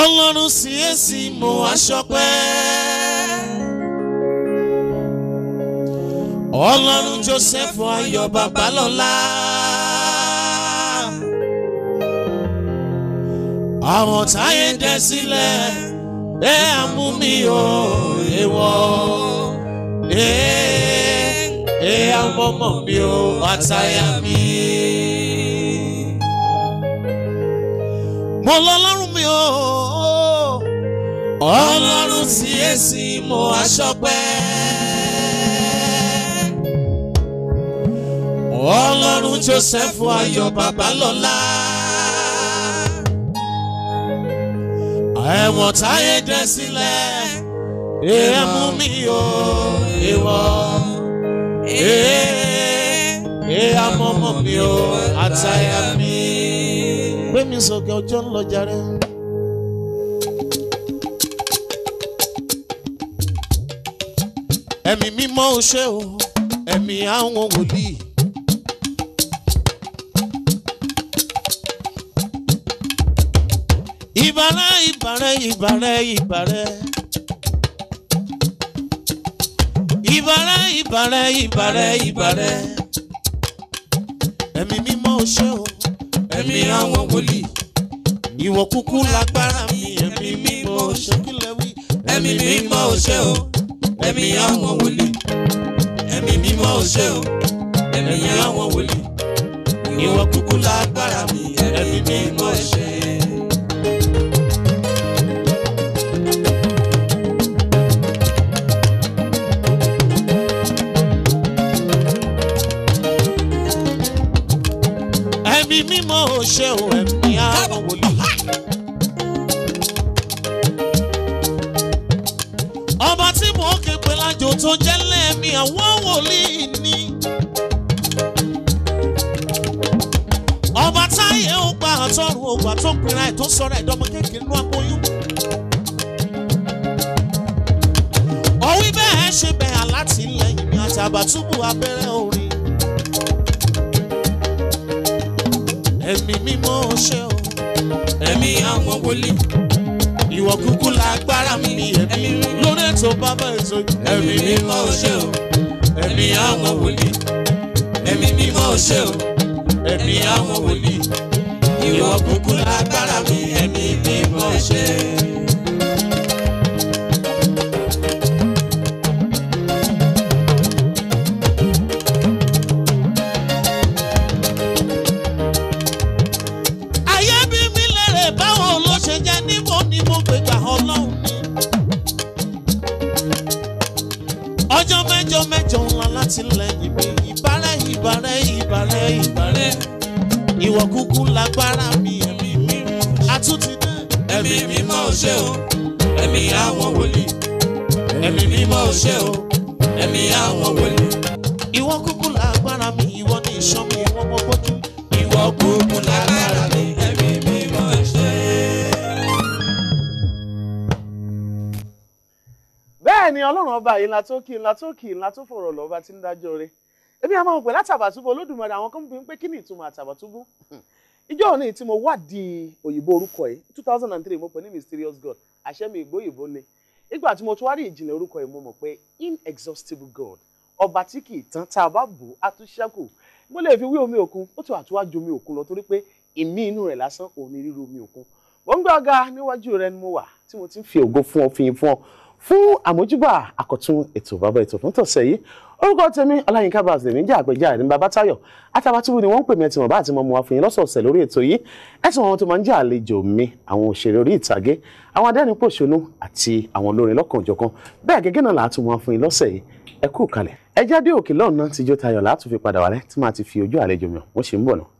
ọlọ́run sí èsì mo aṣọpẹ́ ọlọ́run Joseph ayọ̀ babalọ́lá àwọn táyé dẹ sílẹ̀ ẹ àmú mi ò èèwọ̀ ẹ ẹ àwọn ọmọ mi ò àtàyà mi. mo lọ́lọ́run mi o. ọlọ́run sí èsì mo aṣọ́pẹ́. ọlọ́run Joseph Ayọ̀ Babalọ́lá. ẹ̀wọ̀n táyé dẹ sílẹ̀ èèyàn mú mi o ìwọ èèyàn mọ́mọ́ mi o àtàyà mi gbé mi sókè ọjọ́ ń lọ jàre. ẹ̀mí mímọ́ o ṣé o ẹ̀mí àwọn wòlíì. ìbàrẹ̀ ìbàrẹ̀ ìbàrẹ̀ ìbàrẹ̀. ìbàrẹ̀ ìbàrẹ̀ ìbàrẹ̀ ìbàrẹ̀. ẹ̀mí mímọ́ o o ẹ̀mí àwọn wòlíì ìwọ kúkú lágbára mi ẹ̀mí mímọ́ ṣe kílẹ̀ wí ẹ̀mí mímọ́ ṣe o ẹ̀mí àwọn wòlíì ẹ̀mí mímọ́ ṣe o ẹ̀mí àwọn wòlíì ìwọ kúkú lágbára mi ẹ̀mí mímọ́. mímọ́ ò ṣe ò ẹ̀mí àwọn wòlíì. ọba tí mò ń képe lájò tó jẹ́ lẹ́ẹ̀mí àwọn wòlíì ni. ọba táyé ó gba àtọrùn ògbà tó pinra ẹ̀ tó sọ̀rọ̀ ẹ̀dọ́mọ kékeré ló agbóyún. ọ̀wí bẹ́ẹ̀ ṣe bẹ́ẹ̀ alátìlẹyìn ní àtàbàtúbù abẹ́rẹ́ orin. ẹ̀mí mímọ́ ṣe o ẹ̀mí àwọn wòlíì ìwọ kúkú lágbára mi ẹ̀mí lórí ètò bàbá ètò ẹ̀mí mímọ́ ṣe o ẹ̀mí àwọn wòlíì ẹ̀mí mímọ́ ṣe o ẹ̀mí àwọn wòlíì ìwọ kúkú lágbára mi ẹ̀mí mímọ́ ṣe o. alátìlẹyìn mi ìbárẹ ìbárẹ ìbárẹ ìbárẹ ìwọ kúkú lágbára mi ẹ̀mí mi àtúntì dé. ẹ̀mí mímọ́ ò ṣe o ẹ̀mí àwọn wòlíì ẹ̀mí mímọ́ ò ṣe o ẹ̀mí àwọn wòlíì. ìyìn ọlọ́run ọba yìí ńlá tó kì ńlá tó kì ńlá tó fọ̀rọ̀ lọ́ba tí ń dájọ́ rẹ̀ èmi àwọn òpè látàbàtúbú olódùmarè àwọn kan fi ń pé kí ni ìtumọ̀ àtàbàtúbú ìjọ òní tí mo wádìí òyìnbó orúkọ yìí two thousand and three mo pè ní mysterious god àṣẹ mi ìgbóyìnbó ni ìgbà tí mo tún wá rí ìjìnlẹ̀ orúkọ yìí mo mọ̀ pé inexhaustible god ọba tí kì í tán tá a bá bò á tún ṣẹ́kù mo lè fi wí omi òkun ó tún àtúwájú omi òkun lọ torí pé ìmí inú rẹ̀ lásán òní ríru omi òkun mo ń gbọ́ ọ̀gá níwájú rẹ ni mo wà tí mo ti ń fi ògo fún ọ fi fún ọ fún àmójúbà àkọ́tún ètò bàbá ètò fún tọ̀sẹ̀ yìí orúkọ tèmi ọláyínká bá àtẹ̀mí jẹ́ àpèjà ẹ̀rí babátayọ̀ àtàbàtúbù ni wọ́n ń pè mí ẹtì mọ̀ àti mọ̀ àfihàn lọ́sọ̀ọ̀sẹ̀ lórí ètò yìí ẹtì wọn tó máa ń jẹ́ àlejò mi àwọn òṣèré orí ìtàgé àwọn adẹ́rìnpòṣónú àti àwọn olórin lọ́kànjọ̀kan bẹ́ẹ̀ gẹ́gẹ́ náà làá tún mọ̀ àfihàn lọ́sẹ̀ yìí ẹ kú kalẹ̀ ẹ jáde òkè lọ́ọ̀nà tíjó tayọ̀ làá tún fi padà wálẹ̀ tí máa ti fi ojú àlejò mi wọ́n ṣe ń bọ̀ náà.